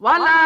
ولا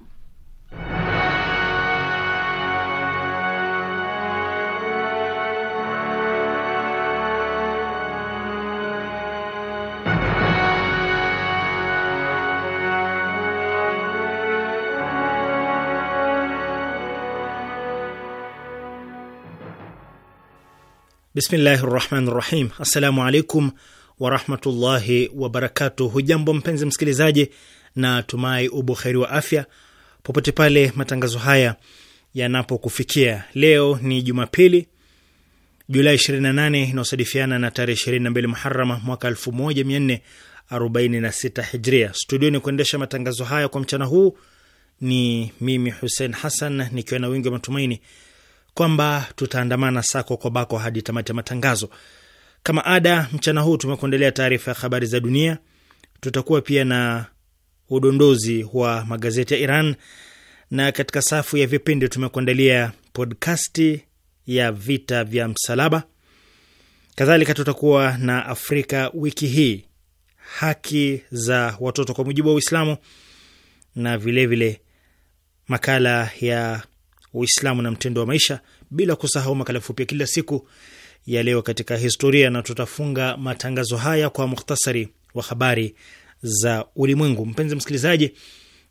Bismillahi rahmani rahim. Assalamu alaikum warahmatullahi wabarakatuh. Hujambo mpenzi msikilizaji, na tumai ubuheri wa afya popote pale matangazo haya yanapokufikia. Leo ni Jumapili, Julai 28 inaosadifiana na tarehe 22 Muharama mwaka 1446 Hijria. Studioni kuendesha matangazo haya kwa mchana huu ni mimi Hussein Hassan nikiwa na wingi wa matumaini kwamba tutaandamana sako kwa bako hadi tamati ya matangazo. Kama ada, mchana huu tumekuendelea taarifa ya habari za dunia, tutakuwa pia na udondozi wa magazeti ya Iran, na katika safu ya vipindi tumekuandalia podkasti ya vita vya msalaba. Kadhalika tutakuwa na Afrika wiki hii, haki za watoto kwa mujibu wa Uislamu, na vilevile vile makala ya Uislamu na mtindo wa maisha, bila kusahau makala fupi ya kila siku ya leo katika historia, na tutafunga matangazo haya kwa mukhtasari wa habari za ulimwengu. Mpenzi msikilizaji,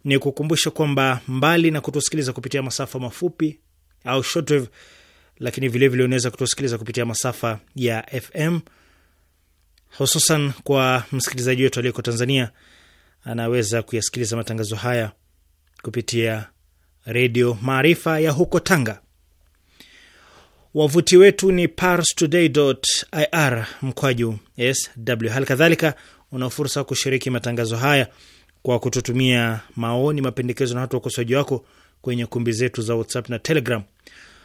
ni kukumbusha kwamba mbali na kutusikiliza kupitia masafa mafupi au shortwave, lakini vilevile unaweza kutusikiliza kupitia masafa ya FM hususan kwa msikilizaji wetu aliyeko Tanzania, anaweza kuyasikiliza matangazo haya kupitia Redio Maarifa ya huko Tanga. Wavuti wetu ni parstoday.ir mkwaju sw. Hali kadhalika una fursa kushiriki matangazo haya kwa kututumia maoni, mapendekezo na hata ukosoaji wako kwenye kumbi zetu za WhatsApp na Telegram.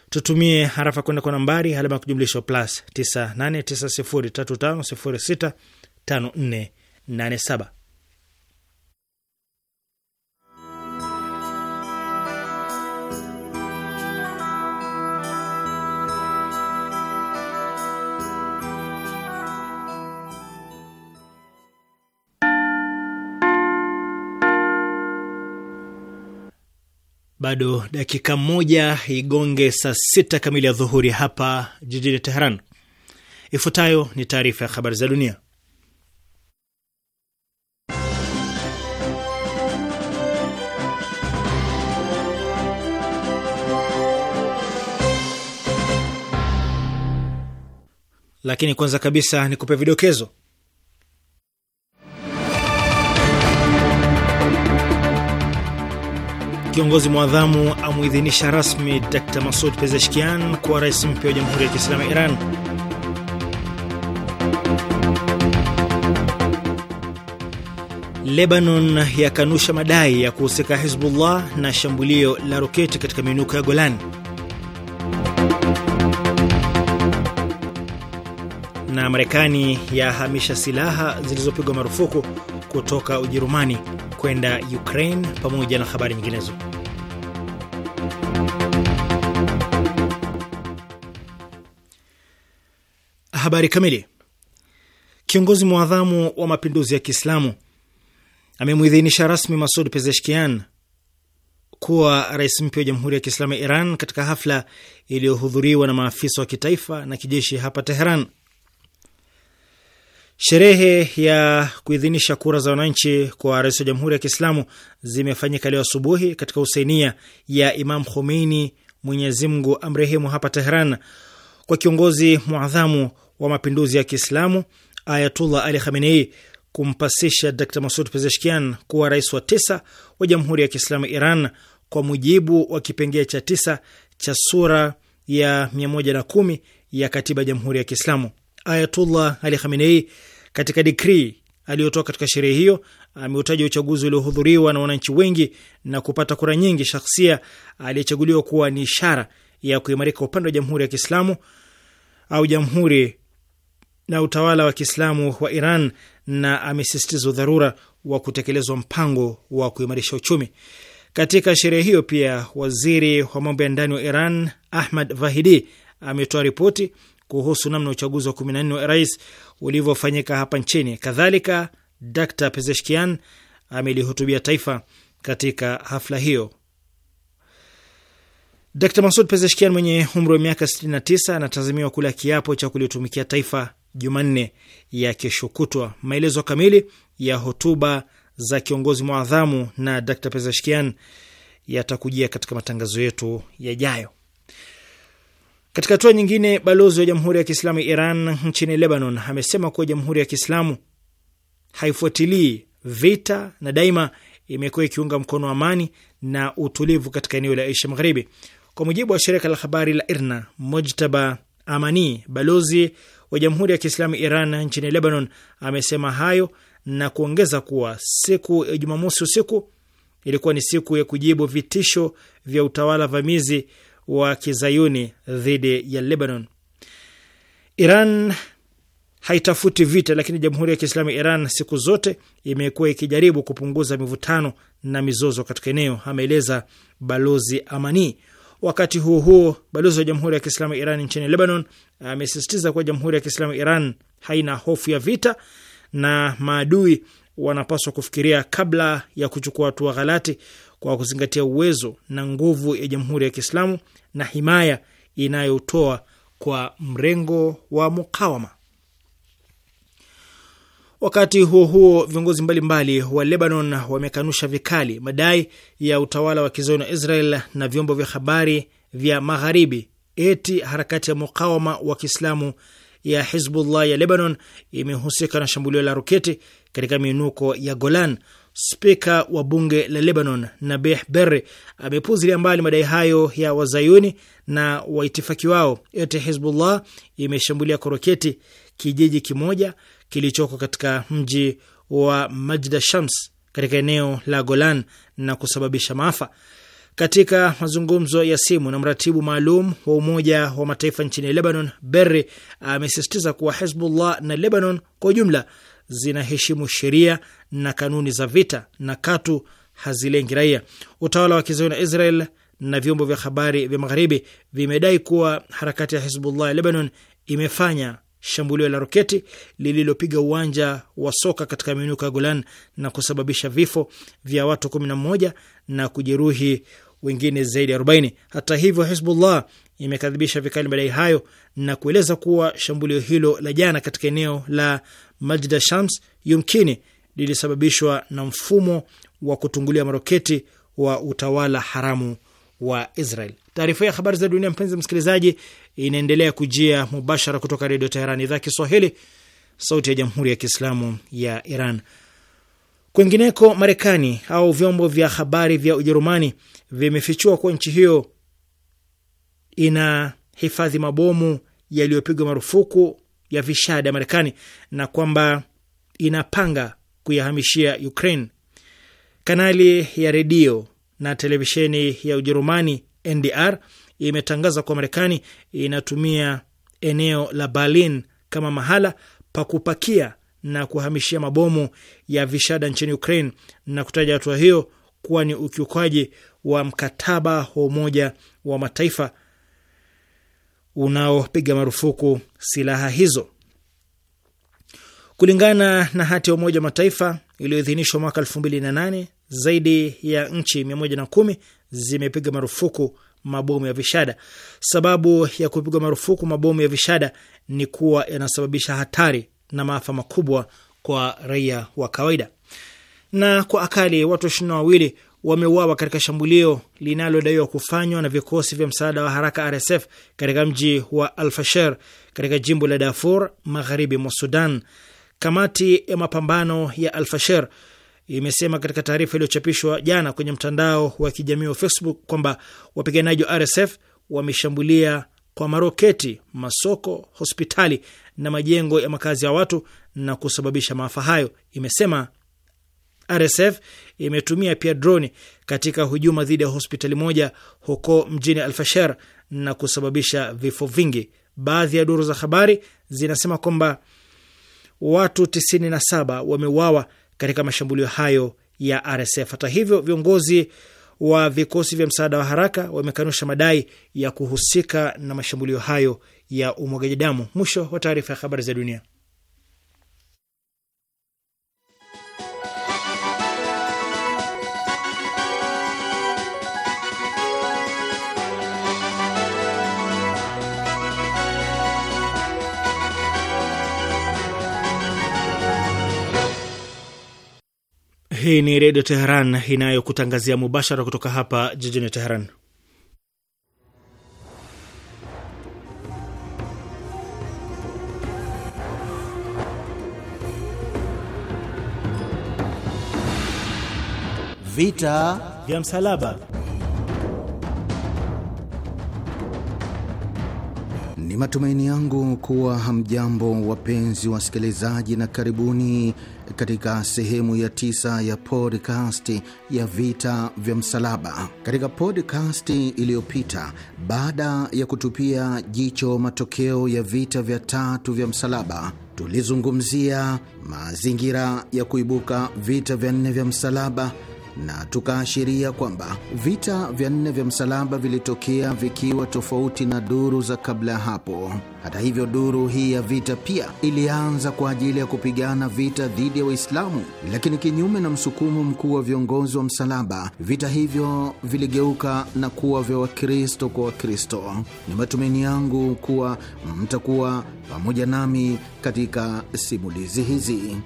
Tutumie harafa kwenda kwa nambari alama ya kujumlisha plus 989035065487. bado dakika moja igonge saa sita kamili ya dhuhuri hapa jijini Teheran. Ifuatayo ni taarifa ya habari za dunia, lakini kwanza kabisa ni kupe vidokezo Kiongozi mwadhamu amuidhinisha rasmi Dr Masud Pezeshkian kuwa rais mpya wa Jamhuri ya Kiislamu ya Iran. Lebanon yakanusha madai ya kuhusika Hizbullah na shambulio la roketi katika miinuko ya Golan. Na Marekani yahamisha silaha zilizopigwa marufuku kutoka Ujerumani kwenda Ukraine pamoja na habari nyinginezo. Habari kamili. Kiongozi mwadhamu wa mapinduzi ya Kiislamu amemwidhinisha rasmi Masud Pezeshkian kuwa rais mpya wa Jamhuri ya Kiislamu ya Iran katika hafla iliyohudhuriwa na maafisa wa kitaifa na kijeshi hapa Teheran. Sherehe ya kuidhinisha kura za wananchi kwa rais wa Jamhuri ya Kiislamu zimefanyika leo asubuhi katika husainia ya Imam Khomeini, Mwenyezi Mungu amrehemu, hapa Tehran, kwa kiongozi mwadhamu wa mapinduzi ya Kiislamu Ayatullah Ali Khamenei kumpasisha Dr Masud Pezeshkian kuwa rais wa tisa wa Jamhuri ya Kiislamu Iran kwa mujibu wa kipengee cha tisa cha sura ya 110 ya katiba ya Jamhuri ya Kiislamu. Ayatullah Ali Khamenei katika dikrii aliyotoa katika sherehe hiyo ameutaja uchaguzi uliohudhuriwa na wananchi wengi na kupata kura nyingi shakhsia aliyechaguliwa kuwa ni ishara ya kuimarika upande wa Jamhuri ya Kiislamu au jamhuri na utawala wa Kiislamu wa Iran na amesisitiza udharura wa kutekelezwa mpango wa kuimarisha uchumi. Katika sherehe hiyo pia waziri wa mambo ya ndani wa Iran Ahmad Vahidi ametoa ripoti kuhusu namna uchaguzi wa 14 wa rais ulivyofanyika hapa nchini. Kadhalika, Dr Pezeshkian amelihutubia taifa katika hafla hiyo. Dr Masud Pezeshkian mwenye umri wa miaka 69 anatazamiwa kula kiapo cha kulitumikia taifa Jumanne ya kesho kutwa. Maelezo kamili ya hotuba za kiongozi mwadhamu na Dr Pezeshkian yatakujia katika matangazo yetu yajayo. Katika hatua nyingine, balozi wa Jamhuri ya Kiislamu ya Iran nchini Lebanon amesema kuwa Jamhuri ya Kiislamu haifuatilii vita na daima imekuwa ikiunga mkono amani na utulivu katika eneo la Asia Magharibi. Kwa mujibu wa shirika la habari la IRNA, Mojtaba Amani, balozi wa Jamhuri ya Kiislamu Iran nchini Lebanon, amesema hayo na kuongeza kuwa siku ya Jumamosi usiku ilikuwa ni siku ya kujibu vitisho vya utawala vamizi wa kizayuni dhidi ya Lebanon. Iran haitafuti vita, lakini Jamhuri ya Kiislamu ya Iran siku zote imekuwa ikijaribu kupunguza mivutano na mizozo katika eneo, ameeleza Balozi Amani. Wakati huo huo, balozi wa Jamhuri ya Kiislamu ya Iran nchini Lebanon amesisitiza kuwa Jamhuri ya Kiislamu ya Iran haina hofu ya vita na maadui wanapaswa kufikiria kabla ya kuchukua hatua ghalati kwa kuzingatia uwezo na nguvu ya Jamhuri ya Kiislamu na himaya inayotoa kwa mrengo wa mukawama. Wakati huo huo, viongozi mbalimbali wa Lebanon wamekanusha vikali madai ya utawala wa kizayuni wa Israel na vyombo vya habari vya Magharibi eti harakati ya mukawama wa Kiislamu ya Hizbullah ya Lebanon imehusika na shambulio la roketi katika miinuko ya Golan spika wa bunge la Lebanon Nabih Berri amepuzilia mbali madai hayo ya wazayuni na waitifaki wao. Eti Hizbullah imeshambulia kwa roketi kijiji kimoja kilichoko katika mji wa Majda Shams katika eneo la Golan na kusababisha maafa. Katika mazungumzo ya simu na mratibu maalum wa Umoja wa Mataifa nchini Lebanon, Berri amesisitiza kuwa Hizbullah na Lebanon kwa ujumla zinaheshimu sheria na kanuni za vita na katu hazilengi raia. Utawala wa kizayuni Israel na vyombo vya habari vya magharibi vimedai kuwa harakati ya Hizbullah ya Lebanon imefanya shambulio la roketi lililopiga uwanja wa soka katika miinuko ya Golan na kusababisha vifo vya watu 11 na kujeruhi wengine zaidi ya 40. Hata hivyo, Hizbullah imekadhibisha vikali madai hayo na kueleza kuwa shambulio hilo la jana katika eneo la Majda Shams yumkini lilisababishwa na mfumo wa kutungulia maroketi wa utawala haramu wa Israel. Taarifa ya habari za dunia, mpenzi msikilizaji, inaendelea kujia mubashara kutoka Redio Teheran, idhaa Kiswahili, sauti ya Jamhuri ya Kiislamu ya Iran. Kwengineko, Marekani au vyombo vya habari vya Ujerumani vimefichua kuwa nchi hiyo ina hifadhi mabomu yaliyopigwa marufuku ya vishada ya Marekani na kwamba inapanga kuyahamishia Ukraine. Kanali ya redio na televisheni ya Ujerumani NDR imetangaza kuwa Marekani inatumia eneo la Berlin kama mahala pa kupakia na kuhamishia mabomu ya vishada nchini Ukraine na kutaja hatua hiyo kuwa ni ukiukaji wa mkataba wa Umoja wa Mataifa unaopiga marufuku silaha hizo. Kulingana na hati ya Umoja wa Mataifa iliyoidhinishwa mwaka 2008 zaidi ya nchi 110 zimepiga marufuku mabomu ya vishada. Sababu ya kupigwa marufuku mabomu ya vishada ni kuwa yanasababisha hatari na maafa makubwa kwa raia wa kawaida. Na kwa akali watu ishirini na wawili wameuawa katika shambulio linalodaiwa kufanywa na vikosi vya msaada wa haraka RSF katika mji wa Alfasher katika jimbo la Darfur magharibi mwa Sudan. Kamati ya mapambano ya Alfasher imesema katika taarifa iliyochapishwa jana kwenye mtandao wa kijamii wa Facebook kwamba wapiganaji wa RSF wameshambulia kwa maroketi masoko, hospitali na majengo ya makazi ya watu na kusababisha maafa hayo. Imesema RSF imetumia pia droni katika hujuma dhidi ya hospitali moja huko mjini Alfasher na kusababisha vifo vingi. Baadhi ya duru za habari zinasema kwamba watu 97 wameuawa katika mashambulio hayo ya RSF. Hata hivyo, viongozi wa vikosi vya msaada wa haraka wamekanusha madai ya kuhusika na mashambulio hayo ya umwagaji damu. Mwisho wa taarifa ya habari za dunia. Hii ni Redio Teheran inayokutangazia mubashara kutoka hapa jijini Teheran. Vita vya Msalaba ni matumaini yangu kuwa hamjambo, wapenzi wasikilizaji, na karibuni katika sehemu ya tisa ya podkasti ya vita vya msalaba. Katika podkasti iliyopita, baada ya kutupia jicho matokeo ya vita vya tatu vya msalaba, tulizungumzia mazingira ya kuibuka vita vya nne vya msalaba na tukaashiria kwamba vita vya nne vya msalaba vilitokea vikiwa tofauti na duru za kabla ya hapo. Hata hivyo, duru hii ya vita pia ilianza kwa ajili ya kupigana vita dhidi ya Waislamu, lakini kinyume na msukumo mkuu wa viongozi wa msalaba, vita hivyo viligeuka na kuwa vya Wakristo kwa Wakristo. Ni matumaini yangu kuwa mtakuwa pamoja nami katika simulizi hizi.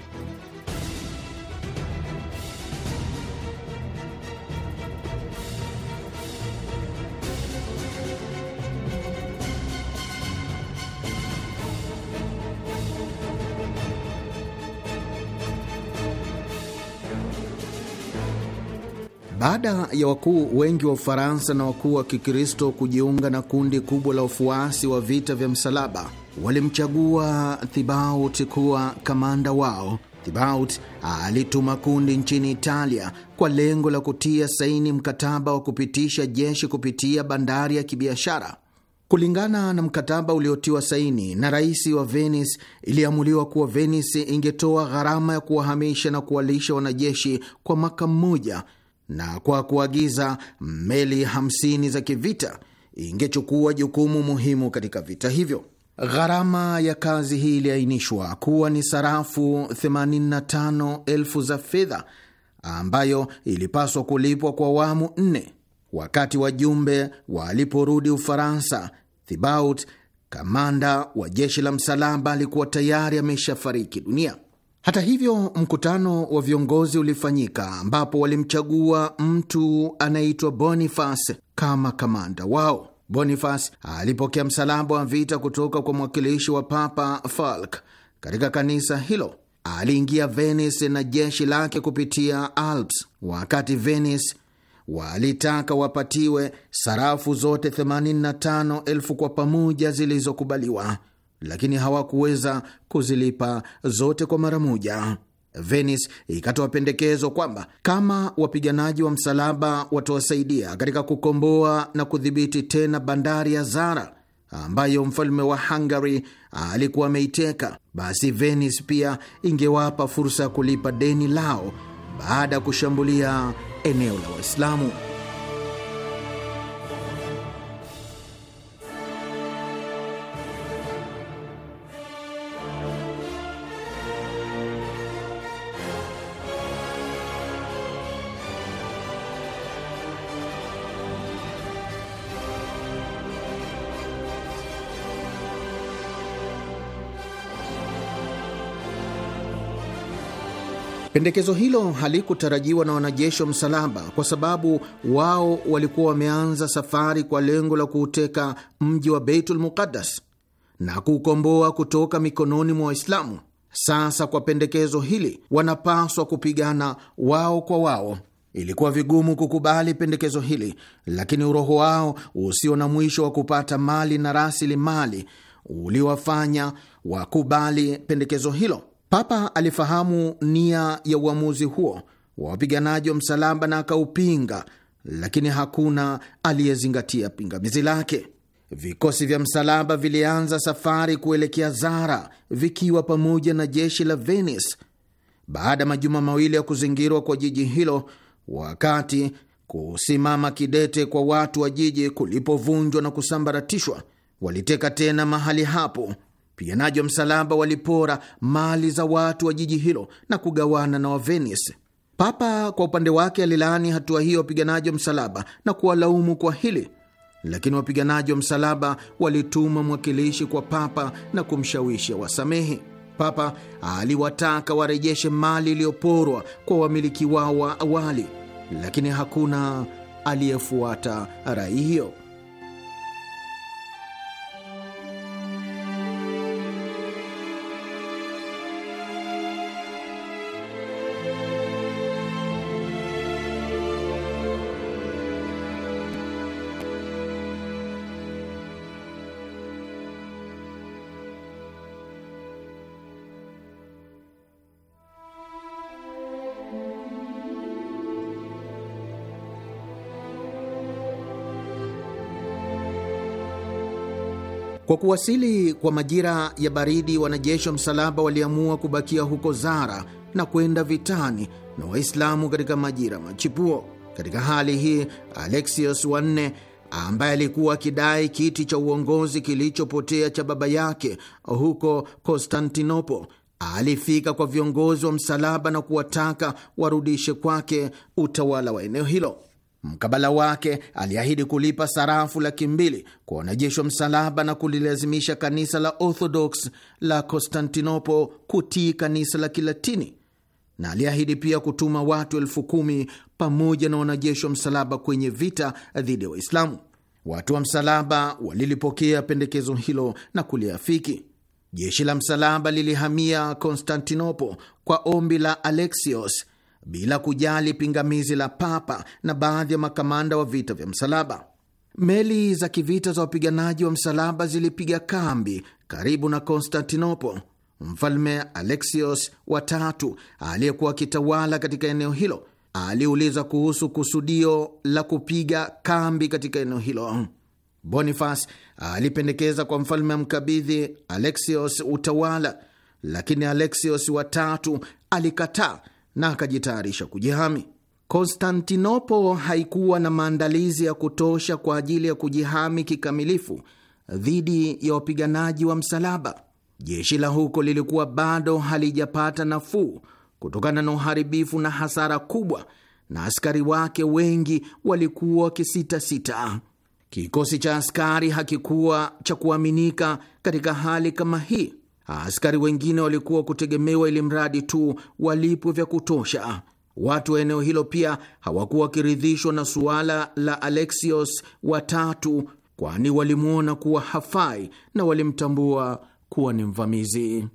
Baada ya wakuu wengi wa Ufaransa na wakuu wa Kikristo kujiunga na kundi kubwa la wafuasi wa vita vya msalaba, walimchagua Thibaut kuwa kamanda wao. Thibaut alituma kundi nchini Italia kwa lengo la kutia saini mkataba wa kupitisha jeshi kupitia bandari ya kibiashara. Kulingana na mkataba uliotiwa saini na rais wa Venice, iliamuliwa kuwa Venice ingetoa gharama ya kuwahamisha na kuwalisha wanajeshi kwa mwaka mmoja na kwa kuagiza meli 50 za kivita ingechukua jukumu muhimu katika vita hivyo. Gharama ya kazi hii iliainishwa kuwa ni sarafu 85,000 za fedha ambayo ilipaswa kulipwa kwa awamu nne. Wakati wajumbe waliporudi Ufaransa, Thibaut, kamanda wa jeshi la msalaba, alikuwa tayari ameshafariki dunia. Hata hivyo, mkutano wa viongozi ulifanyika ambapo walimchagua mtu anaitwa Boniface kama kamanda wao. Boniface alipokea msalaba wa vita kutoka kwa mwakilishi wa Papa Falk katika kanisa hilo. Aliingia Venice na jeshi lake kupitia Alps. Wakati Venice walitaka wapatiwe sarafu zote 85 kwa pamoja zilizokubaliwa, lakini hawakuweza kuzilipa zote kwa mara moja. venis ikatoa pendekezo kwamba kama wapiganaji wa msalaba watawasaidia katika kukomboa na kudhibiti tena bandari ya Zara ambayo mfalme wa Hungary alikuwa ameiteka, basi venis pia ingewapa fursa ya kulipa deni lao baada ya kushambulia eneo la Waislamu. Pendekezo hilo halikutarajiwa na wanajeshi wa msalaba kwa sababu wao walikuwa wameanza safari kwa lengo la kuuteka mji wa Beitul Muqaddas na kuukomboa kutoka mikononi mwa Waislamu. Sasa kwa pendekezo hili wanapaswa kupigana wao kwa wao. Ilikuwa vigumu kukubali pendekezo hili, lakini uroho wao usio na mwisho wa kupata mali na rasilimali uliwafanya wakubali pendekezo hilo. Papa alifahamu nia ya uamuzi huo wa wapiganaji wa msalaba na akaupinga, lakini hakuna aliyezingatia pingamizi lake. Vikosi vya msalaba vilianza safari kuelekea Zara vikiwa pamoja na jeshi la Venice. Baada ya majuma mawili ya kuzingirwa kwa jiji hilo, wakati kusimama kidete kwa watu wa jiji kulipovunjwa na kusambaratishwa, waliteka tena mahali hapo Wapiganaji wa msalaba walipora mali za watu wa jiji hilo na kugawana na wavenisi Papa kwa upande wake alilaani hatua hiyo wapiganaji wa msalaba na kuwalaumu kwa hili, lakini wapiganaji wa msalaba walituma mwakilishi kwa papa na kumshawishi wasamehe. Papa aliwataka warejeshe mali iliyoporwa kwa wamiliki wao wa awali, lakini hakuna aliyefuata rai hiyo. Kwa kuwasili kwa majira ya baridi, wanajeshi wa msalaba waliamua kubakia huko Zara na kwenda vitani na Waislamu katika majira machipuo. Katika hali hii, Alexios nne ambaye alikuwa akidai kiti cha uongozi kilichopotea cha baba yake huko Konstantinopo alifika kwa viongozi wa msalaba na kuwataka warudishe kwake utawala wa eneo hilo. Mkabala wake aliahidi kulipa sarafu laki mbili kwa wanajeshi wa msalaba na kulilazimisha kanisa la Orthodox la Konstantinopo kutii kanisa la Kilatini, na aliahidi pia kutuma watu elfu kumi pamoja na wanajeshi wa msalaba kwenye vita dhidi ya Waislamu. Watu wa msalaba walilipokea pendekezo hilo na kuliafiki. Jeshi la msalaba lilihamia Konstantinopo kwa ombi la Alexios bila kujali pingamizi la papa na baadhi ya makamanda wa vita vya msalaba. Meli za kivita za wapiganaji wa msalaba zilipiga kambi karibu na Konstantinopo. Mfalme Alexios watatu aliyekuwa akitawala katika eneo hilo aliuliza kuhusu kusudio la kupiga kambi katika eneo hilo. Boniface alipendekeza kwa mfalme mkabidhi Alexios utawala, lakini Alexios watatu alikataa na akajitayarisha kujihami. Konstantinopo haikuwa na maandalizi ya kutosha kwa ajili ya kujihami kikamilifu dhidi ya wapiganaji wa msalaba. Jeshi la huko lilikuwa bado halijapata nafuu kutokana na uharibifu na hasara kubwa, na askari wake wengi walikuwa wakisitasita. Kikosi cha askari hakikuwa cha kuaminika katika hali kama hii, Askari wengine walikuwa kutegemewa ili mradi tu walipwe vya kutosha. Watu wa eneo hilo pia hawakuwa wakiridhishwa na suala la Alexios watatu, kwani walimwona kuwa hafai na walimtambua kuwa ni mvamizi.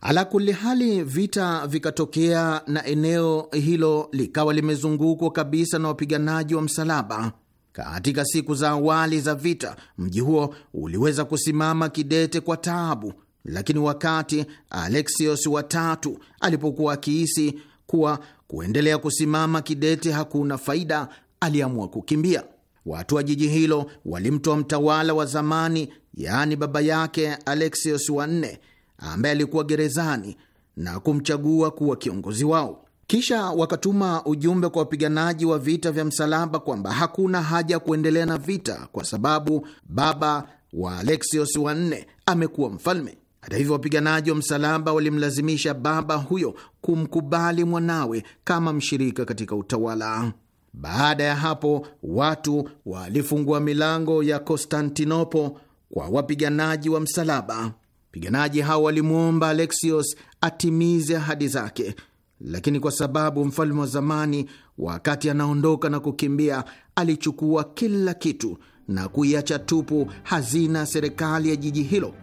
Ala kuli hali, vita vikatokea na eneo hilo likawa limezungukwa kabisa na wapiganaji wa msalaba. Katika siku za awali za vita, mji huo uliweza kusimama kidete kwa taabu, lakini wakati Alexios watatu alipokuwa akihisi kuwa kuendelea kusimama kidete hakuna faida, aliamua kukimbia. Watu wa jiji hilo walimtoa mtawala wa zamani, yaani baba yake Alexios wa nne, ambaye alikuwa gerezani na kumchagua kuwa kiongozi wao. Kisha wakatuma ujumbe kwa wapiganaji wa vita vya msalaba kwamba hakuna haja ya kuendelea na vita kwa sababu baba wa Alexios wa nne amekuwa mfalme. Hata hivyo, wapiganaji wa msalaba walimlazimisha baba huyo kumkubali mwanawe kama mshirika katika utawala. Baada ya hapo, watu walifungua milango ya Konstantinopo kwa wapiganaji wa msalaba. Wapiganaji hao walimwomba Alexios atimize ahadi zake, lakini kwa sababu mfalme wa zamani, wakati anaondoka na kukimbia, alichukua kila kitu na kuiacha tupu hazina serikali ya jiji hilo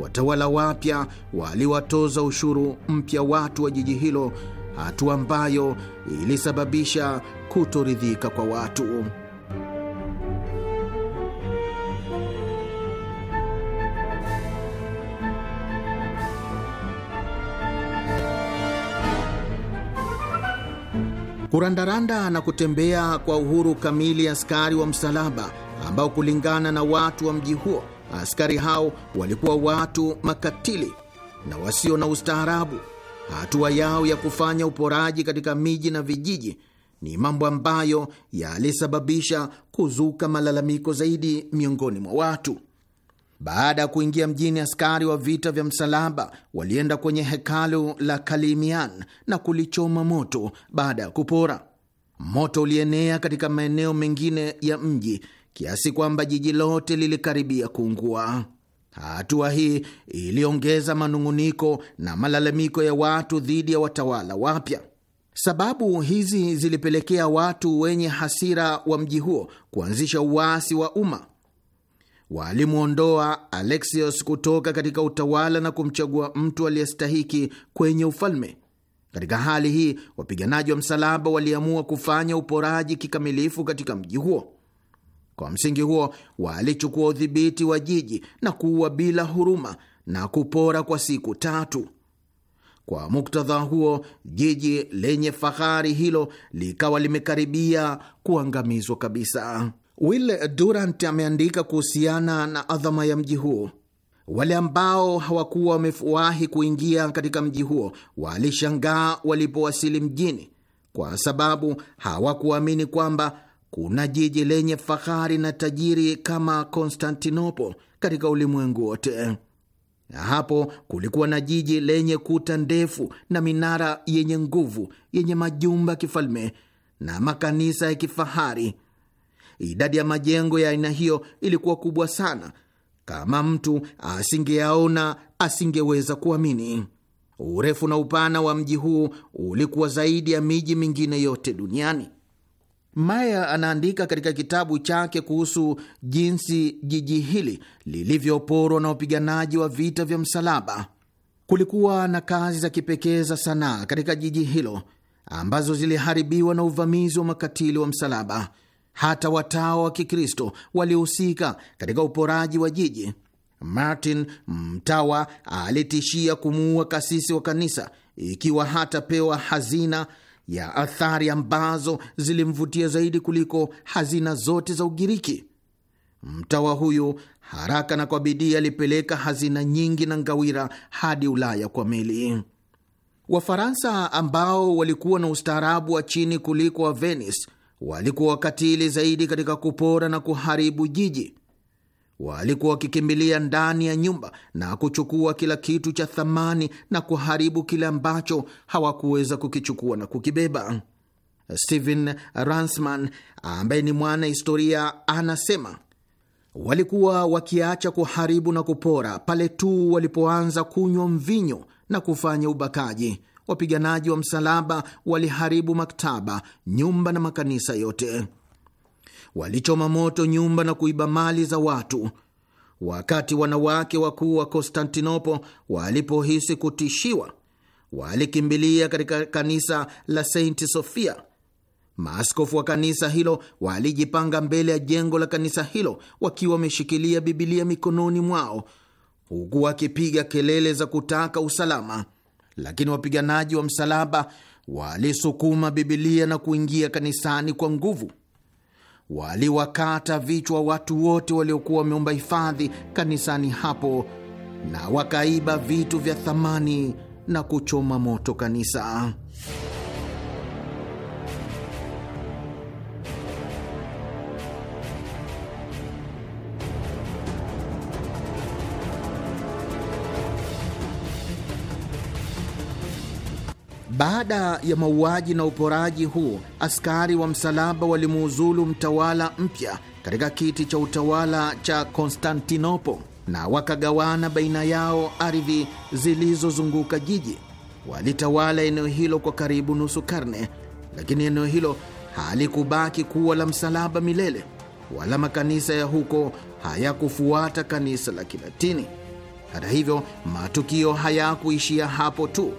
watawala wapya waliwatoza ushuru mpya watu wa jiji hilo, hatua ambayo ilisababisha kutoridhika kwa watu. Kurandaranda na kutembea kwa uhuru kamili askari wa msalaba ambao kulingana na watu wa mji huo Askari hao walikuwa watu makatili na wasio na ustaarabu. Hatua yao ya kufanya uporaji katika miji na vijiji ni mambo ambayo yalisababisha kuzuka malalamiko zaidi miongoni mwa watu. Baada ya kuingia mjini, askari wa vita vya msalaba walienda kwenye hekalu la Kalimian na kulichoma moto baada ya kupora. Moto ulienea katika maeneo mengine ya mji kiasi kwamba jiji lote lilikaribia kuungua. Hatua hii iliongeza manung'uniko na malalamiko ya watu dhidi ya watawala wapya. Sababu hizi zilipelekea watu wenye hasira wa mji huo kuanzisha uasi wa umma. Walimwondoa Alexios kutoka katika utawala na kumchagua mtu aliyestahiki kwenye ufalme. Katika hali hii, wapiganaji wa msalaba waliamua kufanya uporaji kikamilifu katika mji huo. Kwa msingi huo walichukua udhibiti wa jiji na kuua bila huruma na kupora kwa siku tatu. Kwa muktadha huo, jiji lenye fahari hilo likawa limekaribia kuangamizwa kabisa. Will Durant ameandika kuhusiana na adhama ya mji huo. Wale ambao hawakuwa wamewahi kuingia katika mji huo walishangaa walipowasili mjini, kwa sababu hawakuamini kwamba kuna jiji lenye fahari na tajiri kama Konstantinopo katika ulimwengu wote. Na hapo kulikuwa na jiji lenye kuta ndefu na minara yenye nguvu yenye majumba ya kifalme na makanisa ya kifahari. Idadi ya majengo ya aina hiyo ilikuwa kubwa sana, kama mtu asingeyaona asingeweza kuamini. Urefu na upana wa mji huu ulikuwa zaidi ya miji mingine yote duniani. Maya anaandika katika kitabu chake kuhusu jinsi jiji hili lilivyoporwa na wapiganaji wa vita vya msalaba. Kulikuwa na kazi za kipekee za sanaa katika jiji hilo ambazo ziliharibiwa na uvamizi wa makatili wa msalaba. Hata watawa wa Kikristo walihusika katika uporaji wa jiji. Martin mtawa alitishia kumuua kasisi wa kanisa ikiwa hatapewa hazina ya athari ambazo zilimvutia zaidi kuliko hazina zote za Ugiriki. Mtawa huyu haraka na kwa bidii alipeleka hazina nyingi na ngawira hadi Ulaya kwa meli. Wafaransa ambao walikuwa na ustaarabu wa chini kuliko wa Venice walikuwa wakatili zaidi katika kupora na kuharibu jiji Walikuwa wakikimbilia ndani ya nyumba na kuchukua kila kitu cha thamani na kuharibu kile ambacho hawakuweza kukichukua na kukibeba. stephen Ransman ambaye ni mwana historia anasema walikuwa wakiacha kuharibu na kupora pale tu walipoanza kunywa mvinyo na kufanya ubakaji. Wapiganaji wa msalaba waliharibu maktaba, nyumba na makanisa yote walichoma moto nyumba na kuiba mali za watu. Wakati wanawake wakuu wa Konstantinopo walipohisi kutishiwa, walikimbilia katika kanisa la Saint Sofia. Maaskofu wa kanisa hilo walijipanga mbele ya jengo la kanisa hilo wakiwa wameshikilia Bibilia mikononi mwao, huku wakipiga kelele za kutaka usalama, lakini wapiganaji wa msalaba walisukuma Bibilia na kuingia kanisani kwa nguvu waliwakata vichwa watu wote waliokuwa wameomba hifadhi kanisani hapo na wakaiba vitu vya thamani na kuchoma moto kanisa. Baada ya mauaji na uporaji huo, askari wa msalaba walimuuzulu mtawala mpya katika kiti cha utawala cha Konstantinopo na wakagawana baina yao ardhi zilizozunguka jiji. Walitawala eneo hilo kwa karibu nusu karne, lakini eneo hilo halikubaki kuwa la msalaba milele, wala makanisa ya huko hayakufuata kanisa la Kilatini. Hata hivyo, matukio hayakuishia hapo tu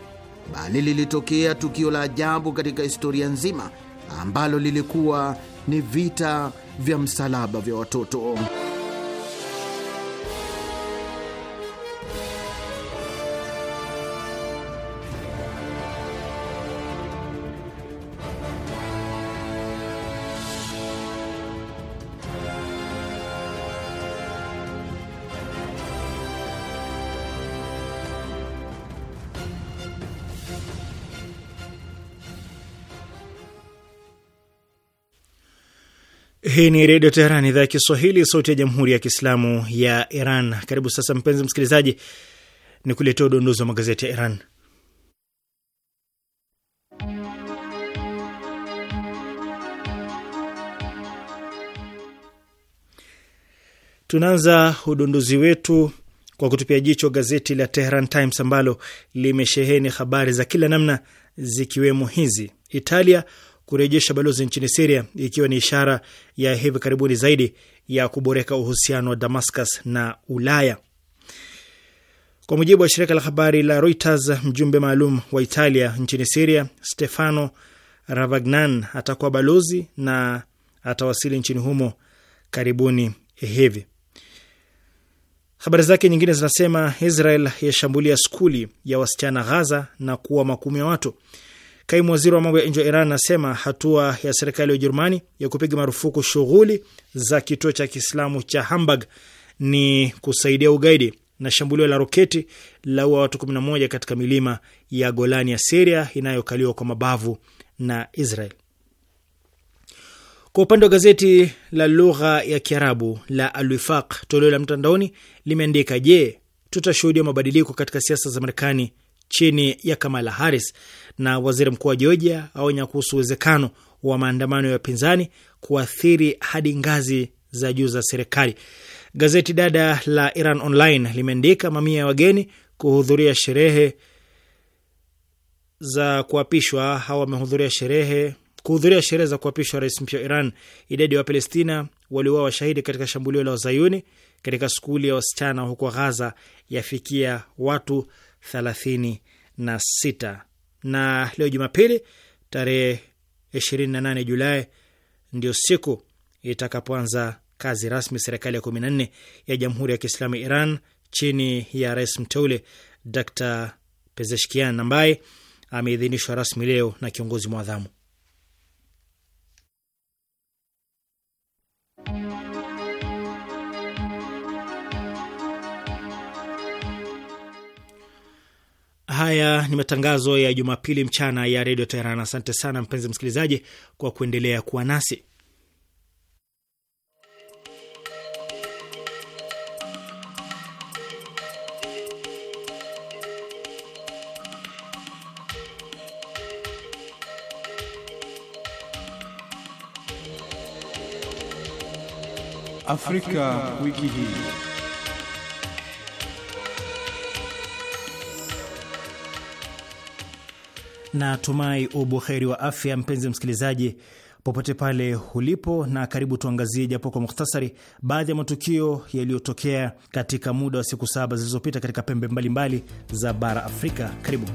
bali lilitokea tukio la ajabu katika historia nzima ambalo lilikuwa ni vita vya msalaba vya watoto. Hii ni Redio Teheran, idhaa ya Kiswahili, sauti ya Jamhuri ya Kiislamu ya Iran. Karibu sasa, mpenzi msikilizaji, ni kuletea udondozi wa magazeti ya Iran. Tunaanza udondozi wetu kwa kutupia jicho gazeti la Tehran Times ambalo limesheheni habari za kila namna zikiwemo hizi: Italia kurejesha balozi nchini Siria ikiwa ni ishara ya hivi karibuni zaidi ya kuboreka uhusiano wa Damascus na Ulaya. Kwa mujibu wa shirika la habari la Reuters, mjumbe maalum wa Italia nchini Siria Stefano Ravagnan atakuwa balozi na atawasili nchini humo karibuni hivi. Habari zake nyingine zinasema Israel yashambulia skuli ya wasichana Ghaza na kuwa makumi ya watu. Kaimu waziri wa mambo ya nje wa Iran anasema hatua ya serikali ya Ujerumani ya kupiga marufuku shughuli za kituo cha Kiislamu cha Hamburg ni kusaidia ugaidi. Na shambulio la roketi la ua watu 11 katika milima ya Golani ya Siria inayokaliwa kwa mabavu na Israel. Kwa upande wa gazeti la lugha ya Kiarabu la Alwifaq toleo la mtandaoni limeandika, je, tutashuhudia mabadiliko katika siasa za Marekani chini ya Kamala Harris. Na waziri mkuu wa Georgia aonya kuhusu uwezekano wa maandamano ya wapinzani kuathiri hadi ngazi za juu za serikali. Gazeti dada la Iran Online limeandika mamia ya wageni kuhudhuria sherehe za kuapishwa au wamehudhuria sherehe kuhudhuria sherehe za kuapishwa rais mpya wa Iran. Idadi ya Wapalestina waliuawa washahidi katika shambulio la wazayuni katika skuli ya wasichana huko Ghaza yafikia watu thelathini na sita na leo Jumapili tarehe 28 Julai ndio siku itakapoanza kazi rasmi serikali ya 14 ya Jamhuri ya Kiislamu ya Iran chini ya rais mteule Dr. Pezeshkian ambaye ameidhinishwa rasmi leo na kiongozi mwadhamu. Haya ni matangazo ya Jumapili mchana ya redio Teheran. Asante sana mpenzi msikilizaji kwa kuendelea kuwa nasi. Afrika, Afrika wiki hii. na tumai ubuheri wa afya, mpenzi msikilizaji, popote pale ulipo, na karibu tuangazie japo kwa mukhtasari baadhi ya matukio yaliyotokea katika muda wa siku saba zilizopita katika pembe mbalimbali mbali za bara Afrika. Karibu.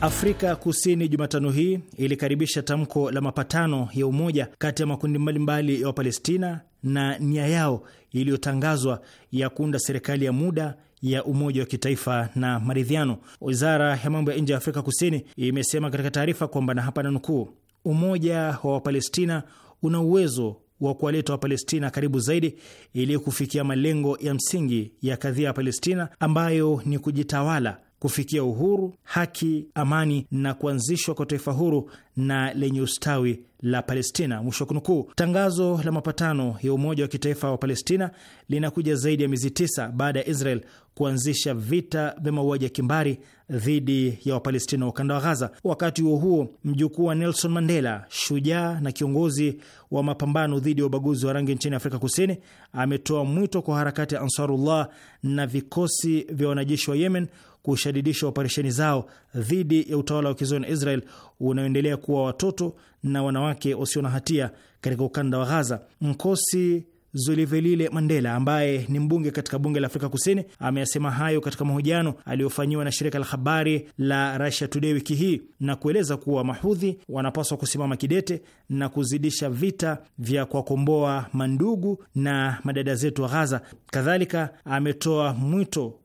Afrika Kusini Jumatano hii ilikaribisha tamko la mapatano ya umoja kati ya makundi mbalimbali ya Wapalestina na nia yao iliyotangazwa ya kuunda serikali ya muda ya umoja wa kitaifa na maridhiano. Wizara ya mambo ya nje ya Afrika Kusini imesema katika taarifa kwamba, na hapa nukuu umoja wa Wapalestina una uwezo wa kuwaleta Wapalestina karibu zaidi ili kufikia malengo ya msingi ya kadhia ya Palestina ambayo ni kujitawala, kufikia uhuru, haki, amani na kuanzishwa kwa taifa huru na lenye ustawi la Palestina, mwisho kunukuu. Tangazo la mapatano ya umoja wa kitaifa wa Palestina linakuja zaidi ya miezi tisa baada ya Israel kuanzisha vita vya mauaji ya kimbari dhidi ya Wapalestina wa ukanda wa Ghaza. Wakati huo huo, mjukuu wa Nelson Mandela, shujaa na kiongozi wa mapambano dhidi ya ubaguzi wa rangi nchini Afrika Kusini, ametoa mwito kwa harakati ya Ansarullah na vikosi vya wanajeshi wa Yemen kushadidisha operesheni zao dhidi ya utawala wa kizayuni Israel unaoendelea kuwa watoto na wanawake wasio na hatia katika ukanda wa Ghaza. Mkosi Zulivelile Mandela ambaye ni mbunge katika bunge la Afrika Kusini ameyasema hayo katika mahojiano aliyofanyiwa na shirika la habari la Russia Today wiki hii na kueleza kuwa mahudhi wanapaswa kusimama kidete na kuzidisha vita vya kuwakomboa mandugu na madada zetu wa Ghaza. Kadhalika ametoa mwito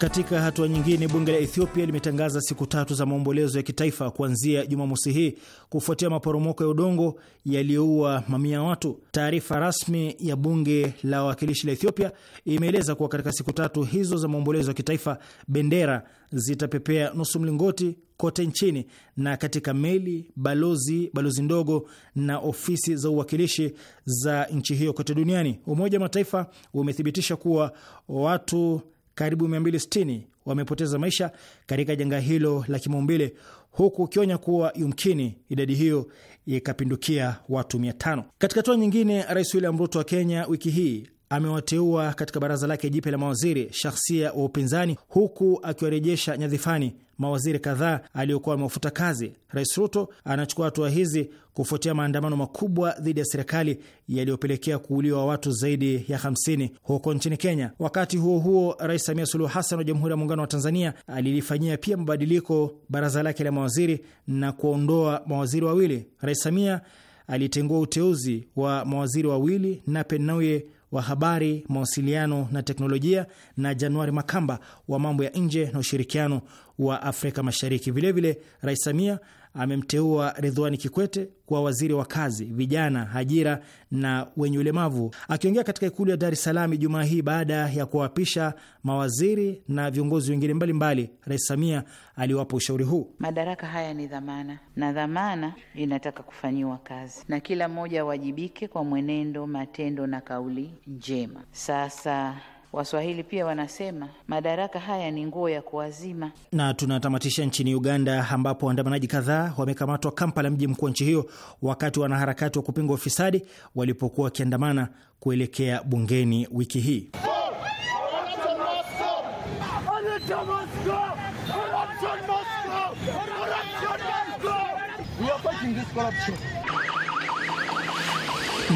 Katika hatua nyingine, bunge la Ethiopia limetangaza siku tatu za maombolezo ya kitaifa kuanzia Jumamosi hii kufuatia maporomoko ya udongo yaliyoua mamia ya watu. Taarifa rasmi ya bunge la wawakilishi la Ethiopia imeeleza kuwa katika siku tatu hizo za maombolezo ya kitaifa, bendera zitapepea nusu mlingoti kote nchini na katika meli, balozi, balozi ndogo na ofisi za uwakilishi za nchi hiyo kote duniani. Umoja wa Mataifa umethibitisha kuwa watu karibu 260 wamepoteza maisha katika janga hilo la kimaumbile, huku ukionya kuwa yumkini idadi hiyo ikapindukia watu 500. Katika hatua nyingine, Rais William Ruto wa Kenya wiki hii amewateua katika baraza lake jipya la mawaziri shahsia wa upinzani huku akiwarejesha nyadhifani mawaziri kadhaa aliyokuwa amewafuta kazi. Rais Ruto anachukua hatua hizi kufuatia maandamano makubwa dhidi ya serikali yaliyopelekea kuuliwa watu zaidi ya 50 huko nchini Kenya. Wakati huo huo, Rais Samia Suluhu Hassan wa Jamhuri ya Muungano wa Tanzania alilifanyia pia mabadiliko baraza lake la mawaziri na kuondoa mawaziri wawili. Rais Samia alitengua uteuzi wa mawaziri wawili Nape Nnauye wa habari, mawasiliano na teknolojia, na Januari Makamba wa mambo ya nje na ushirikiano wa Afrika Mashariki. Vilevile, Rais Samia amemteua Ridhwani Kikwete kuwa waziri wa kazi, vijana, ajira na wenye ulemavu. Akiongea katika ikulu ya Dar es Salaam Jumaa hii baada ya kuwaapisha mawaziri na viongozi wengine mbalimbali, Rais Samia aliwapa ushauri huu: madaraka haya ni dhamana, na dhamana inataka kufanyiwa kazi, na kila mmoja awajibike kwa mwenendo, matendo na kauli njema. Sasa Waswahili pia wanasema madaraka haya ni nguo ya kuwazima. Na tunatamatisha nchini Uganda, ambapo waandamanaji kadhaa wamekamatwa Kampala, mji mkuu wa nchi hiyo, wakati wanaharakati wa kupinga ufisadi walipokuwa wakiandamana kuelekea bungeni wiki hii.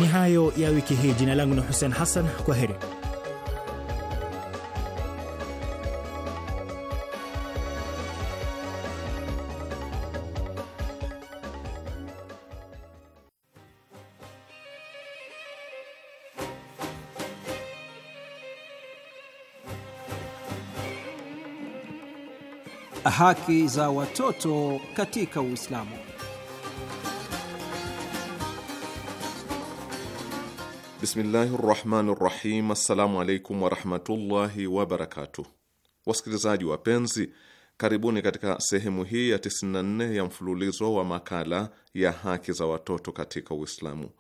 Ni hayo ya wiki hii. Jina langu ni Hussein Hassan, kwa heri. haki za watoto katika Uislamu. Bismillahi rahmani rahim. Assalamu alaikum warahmatullahi wabarakatuh. Wasikilizaji wapenzi, karibuni katika sehemu hii ya 94 ya mfululizo wa makala ya haki za watoto katika Uislamu.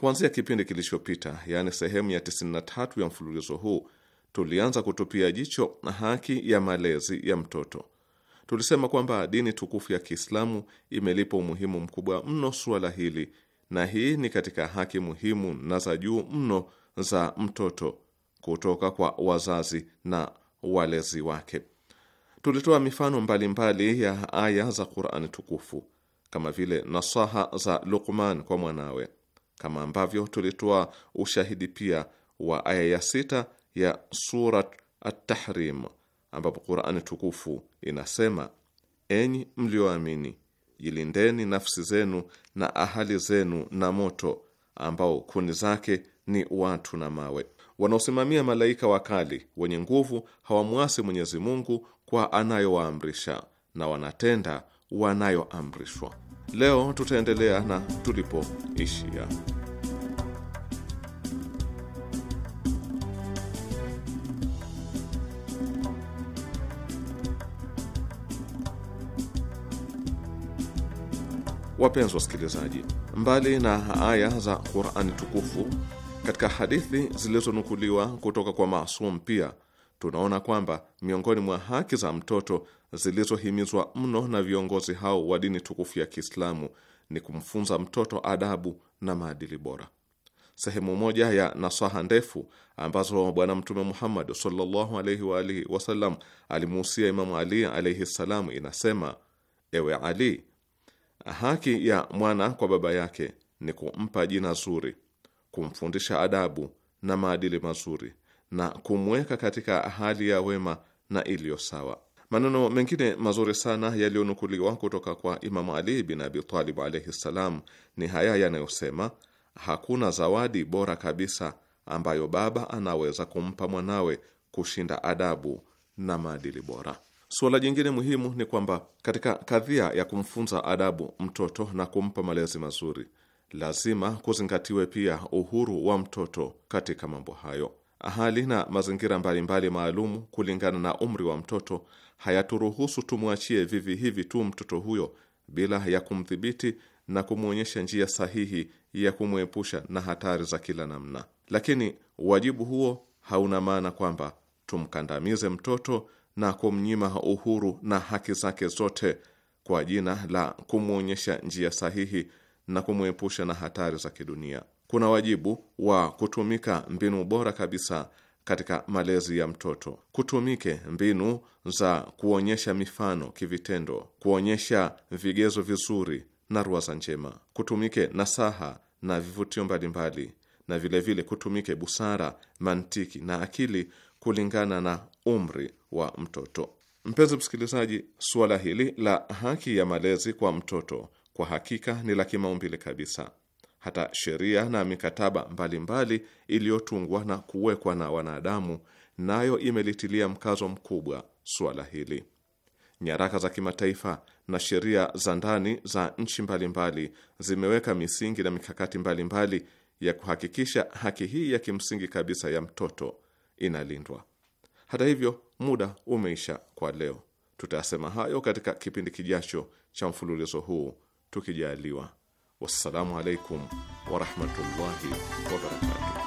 Kuanzia kipindi kilichopita, yaani sehemu ya 93 ya mfululizo huu, tulianza kutupia jicho haki ya malezi ya mtoto. Tulisema kwamba dini tukufu ya Kiislamu imelipa umuhimu mkubwa mno suala hili, na hii ni katika haki muhimu na za juu mno za mtoto kutoka kwa wazazi na walezi wake. Tulitoa mifano mbalimbali mbali ya aya za Qur'ani tukufu kama vile nasaha za Luqman kwa mwanawe, kama ambavyo tulitoa ushahidi pia wa aya ya sita ya Surat At-Tahrim ambapo Qur'ani tukufu inasema: enyi mlioamini, jilindeni nafsi zenu na ahali zenu na moto ambao kuni zake ni watu na mawe. Wanaosimamia malaika wakali wenye nguvu hawamwasi Mwenyezi Mungu kwa anayowaamrisha na wanatenda wanayoamrishwa. Leo tutaendelea na tulipoishia. Wapenzi wasikilizaji, mbali na aya za Qurani tukufu katika hadithi zilizonukuliwa kutoka kwa masum pia tunaona kwamba miongoni mwa haki za mtoto zilizohimizwa mno na viongozi hao wa dini tukufu ya Kiislamu ni kumfunza mtoto adabu na maadili bora. Sehemu moja ya nasaha ndefu ambazo Bwana Mtume Muhammad sallallahu alaihi wa alihi wasallam alimuhusia Imamu Ali alaihi ssalam inasema: ewe Ali, Haki ya mwana kwa baba yake ni kumpa jina zuri, kumfundisha adabu na maadili mazuri na kumweka katika hali ya wema na iliyo sawa. Maneno mengine mazuri sana yaliyonukuliwa kutoka kwa Imamu Ali bin Abi Talib alaihi ssalam ni haya yanayosema, hakuna zawadi bora kabisa ambayo baba anaweza kumpa mwanawe kushinda adabu na maadili bora. Suala jingine muhimu ni kwamba katika kadhia ya kumfunza adabu mtoto na kumpa malezi mazuri, lazima kuzingatiwe pia uhuru wa mtoto katika mambo hayo. Hali na mazingira mbalimbali maalumu kulingana na umri wa mtoto hayaturuhusu tumwachie vivi hivi tu mtoto huyo bila ya kumdhibiti na kumwonyesha njia sahihi ya kumwepusha na hatari za kila namna. Lakini wajibu huo hauna maana kwamba tumkandamize mtoto na kumnyima uhuru na haki zake zote kwa jina la kumwonyesha njia sahihi na kumwepusha na hatari za kidunia. Kuna wajibu wa kutumika mbinu bora kabisa katika malezi ya mtoto. Kutumike mbinu za kuonyesha mifano kivitendo, kuonyesha vigezo vizuri na ruwaza njema, kutumike nasaha na vivutio mbalimbali, na vilevile vile kutumike busara, mantiki na akili kulingana na umri wa mtoto. Mpenzi msikilizaji, suala hili la haki ya malezi kwa mtoto kwa hakika ni la kimaumbile kabisa. Hata sheria na mikataba mbalimbali iliyotungwa na kuwekwa na wanadamu nayo imelitilia mkazo mkubwa suala hili. Nyaraka za kimataifa na sheria za ndani za nchi mbalimbali zimeweka misingi na mikakati mbalimbali ya kuhakikisha haki hii ya kimsingi kabisa ya mtoto inalindwa. Hata hivyo, muda umeisha kwa leo. Tutayasema hayo katika kipindi kijacho cha mfululizo huu tukijaliwa. Wassalamu alaikum warahmatullahi wabarakatuh.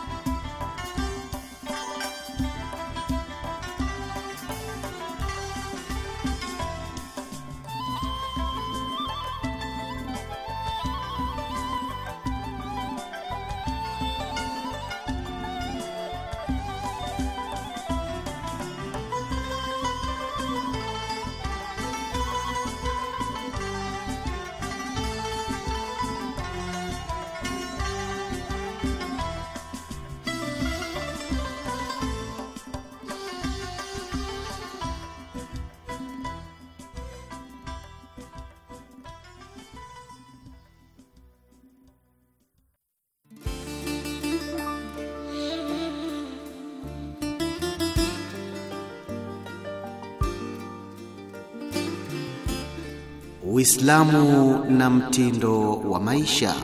Uislamu na mtindo wa maisha.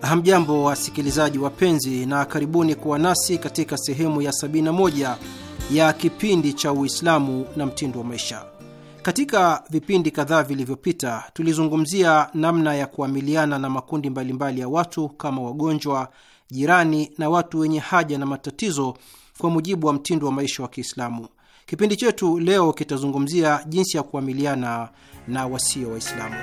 Hamjambo wasikilizaji wapenzi, na karibuni kuwa nasi katika sehemu ya 71 ya kipindi cha Uislamu na mtindo wa maisha. Katika vipindi kadhaa vilivyopita, tulizungumzia namna ya kuamiliana na makundi mbalimbali ya watu kama wagonjwa jirani na watu wenye haja na matatizo kwa mujibu wa mtindo wa maisha wa Kiislamu. Kipindi chetu leo kitazungumzia jinsi ya kuamiliana na wasio Waislamu.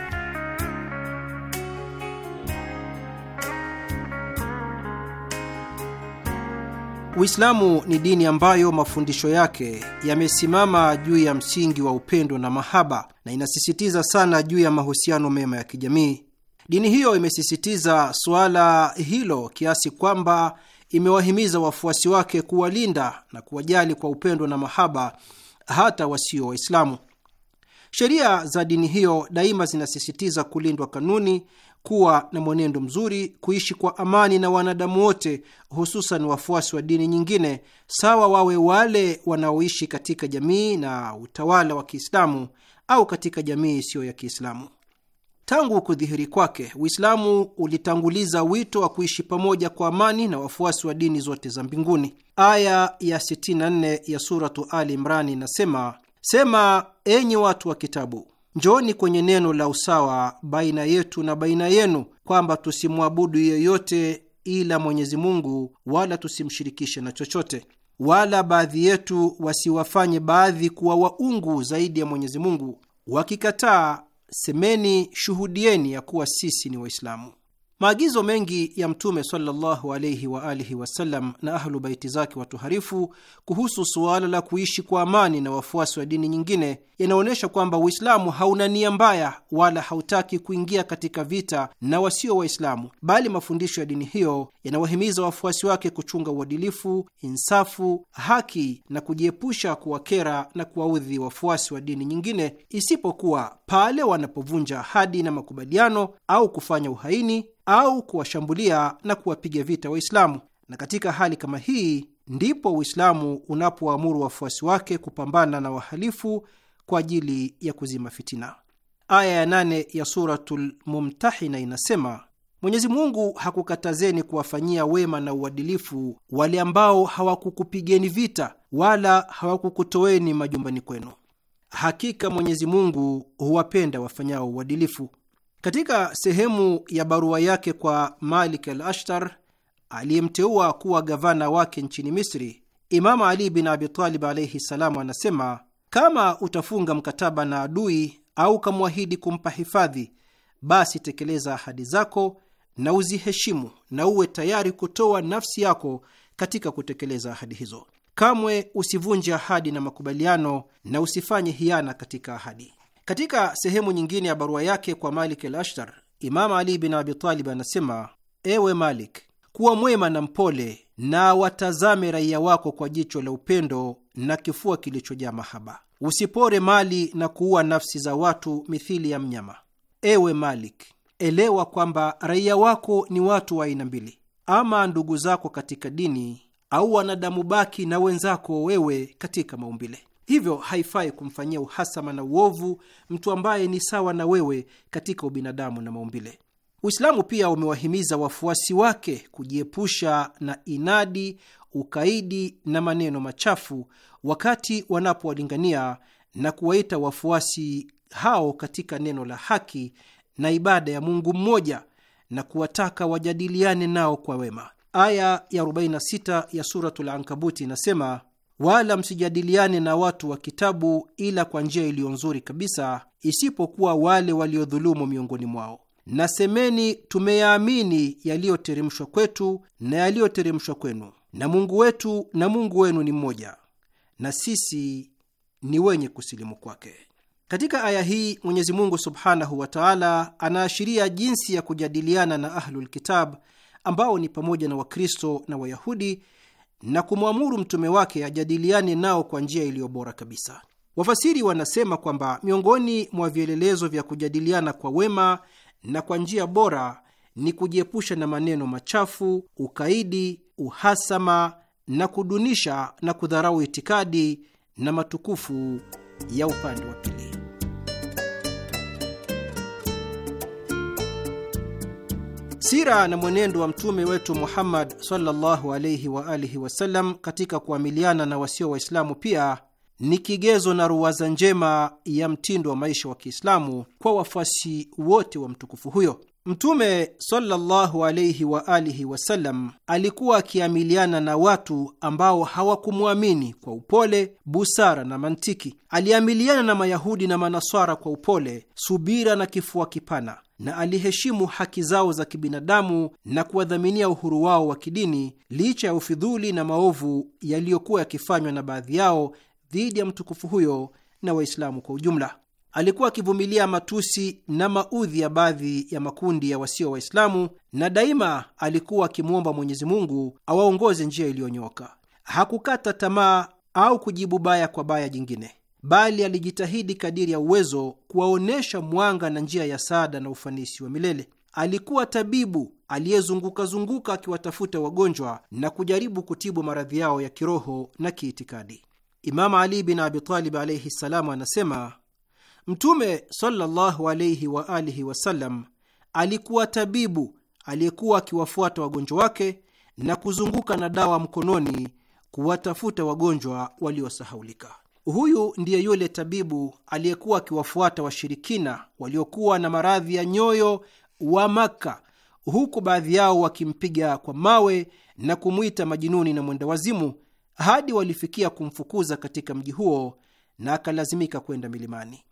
Uislamu ni dini ambayo mafundisho yake yamesimama juu ya msingi wa upendo na mahaba na inasisitiza sana juu ya mahusiano mema ya kijamii. Dini hiyo imesisitiza suala hilo kiasi kwamba imewahimiza wafuasi wake kuwalinda na kuwajali kwa upendo na mahaba hata wasio Waislamu. Sheria za dini hiyo daima zinasisitiza kulindwa kanuni, kuwa na mwenendo mzuri, kuishi kwa amani na wanadamu wote, hususan wafuasi wa dini nyingine, sawa wawe wale wanaoishi katika jamii na utawala wa Kiislamu au katika jamii isiyo ya Kiislamu. Tangu kudhihiri kwake, Uislamu ulitanguliza wito wa kuishi pamoja kwa amani na wafuasi wa dini zote za mbinguni. Aya ya 64 ya Suratu Ali Imrani inasema: Sema, enyi watu wa Kitabu, njooni kwenye neno la usawa baina yetu na baina yenu, kwamba tusimwabudu yeyote ila Mwenyezi Mungu, wala tusimshirikishe na chochote, wala baadhi yetu wasiwafanye baadhi kuwa waungu zaidi ya Mwenyezi Mungu. Wakikataa semeni, shuhudieni ya kuwa sisi ni Waislamu. Maagizo mengi ya Mtume sallallahu alaihi wa alihi wasallam na ahlu baiti zake watuharifu kuhusu suala la kuishi kwa amani na wafuasi wa dini nyingine yanaonyesha kwamba Uislamu hauna nia mbaya wala hautaki kuingia katika vita na wasio Waislamu, bali mafundisho ya dini hiyo yanawahimiza wafuasi wake kuchunga uadilifu, insafu, haki na kujiepusha kuwakera na kuwaudhi wafuasi wa dini nyingine, isipokuwa pale wanapovunja ahadi na makubaliano au kufanya uhaini au kuwashambulia na kuwapiga vita Waislamu. Na katika hali kama hii ndipo Uislamu unapoamuru wafuasi wake kupambana na wahalifu kwa ajili ya kuzima fitina. Aya ya nane ya Suratul Mumtahina inasema Mwenyezi Mungu hakukatazeni kuwafanyia wema na uadilifu wale ambao hawakukupigeni vita wala hawakukutoeni majumbani kwenu. Hakika Mwenyezi Mungu huwapenda wafanyao uadilifu. Katika sehemu ya barua yake kwa Malik al Ashtar aliyemteua kuwa gavana wake nchini Misri, Imamu Ali bin Abitalib alaihi ssalam anasema, kama utafunga mkataba na adui au ukamwahidi kumpa hifadhi, basi tekeleza ahadi zako na uziheshimu na uwe tayari kutoa nafsi yako katika kutekeleza ahadi hizo. Kamwe usivunje ahadi na makubaliano na usifanye hiana katika ahadi. Katika sehemu nyingine ya barua yake kwa Malik al Ashtar, Imam Ali bin Abitalib anasema: ewe Malik, kuwa mwema na mpole na watazame raia wako kwa jicho la upendo na kifua kilichojaa mahaba. Usipore mali na kuua nafsi za watu mithili ya mnyama. Ewe Malik, elewa kwamba raia wako ni watu wa aina mbili, ama ndugu zako katika dini au wanadamu baki na wenzako wewe katika maumbile. Hivyo haifai kumfanyia uhasama na uovu mtu ambaye ni sawa na wewe katika ubinadamu na maumbile. Uislamu pia umewahimiza wafuasi wake kujiepusha na inadi, ukaidi na maneno machafu wakati wanapowalingania na kuwaita wafuasi hao katika neno la haki na ibada ya Mungu mmoja na kuwataka wajadiliane nao kwa wema. Aya ya 46 ya Suratul Ankabuti inasema: wala msijadiliane na watu wa kitabu ila kwa njia iliyo nzuri kabisa, isipokuwa wale waliodhulumu miongoni mwao. Na semeni, tumeyaamini yaliyoteremshwa kwetu na yaliyoteremshwa kwenu, na Mungu wetu na Mungu wenu ni mmoja, na sisi ni wenye kusilimu kwake. Katika aya hii Mwenyezi Mungu subhanahu wa taala anaashiria jinsi ya kujadiliana na Ahlulkitab ambao ni pamoja na Wakristo na Wayahudi na kumwamuru mtume wake ajadiliane nao kwa njia iliyo bora kabisa. Wafasiri wanasema kwamba miongoni mwa vielelezo vya kujadiliana kwa wema na kwa njia bora ni kujiepusha na maneno machafu, ukaidi, uhasama na kudunisha na kudharau itikadi na matukufu ya upande wa pili. Sira na mwenendo wa mtume wetu Muhammad sallallahu alaihi wa alihi wasallam katika kuamiliana na wasio Waislamu pia ni kigezo na ruwaza njema ya mtindo wa maisha wa Kiislamu kwa wafuasi wote wa mtukufu huyo. Mtume sallallahu alaihi wa alihi wasallam alikuwa akiamiliana na watu ambao hawakumwamini kwa upole, busara na mantiki. Aliamiliana na Mayahudi na Manaswara kwa upole, subira na kifua kipana na aliheshimu haki zao za kibinadamu na kuwadhaminia uhuru wao wa kidini licha ya ufidhuli na maovu yaliyokuwa yakifanywa na baadhi yao dhidi ya mtukufu huyo na Waislamu kwa ujumla. Alikuwa akivumilia matusi na maudhi ya baadhi ya makundi ya wasio Waislamu, na daima alikuwa akimwomba Mwenyezi Mungu awaongoze njia iliyonyoka. Hakukata tamaa au kujibu baya kwa baya jingine bali alijitahidi kadiri ya uwezo kuwaonyesha mwanga na njia ya saada na ufanisi wa milele. Alikuwa tabibu aliyezungukazunguka akiwatafuta wagonjwa na kujaribu kutibu maradhi yao ya kiroho na kiitikadi. Imamu Ali bin Abitalib alaihi ssalamu anasema Mtume sallallahu alaihi wa alihi wasallam alikuwa tabibu aliyekuwa akiwafuata wagonjwa wake na kuzunguka na dawa mkononi kuwatafuta wagonjwa waliosahaulika. Huyu ndiye yule tabibu aliyekuwa akiwafuata washirikina waliokuwa na maradhi ya nyoyo wa Makka, huku baadhi yao wakimpiga kwa mawe na kumwita majinuni na mwenda wazimu, hadi walifikia kumfukuza katika mji huo na akalazimika kwenda milimani.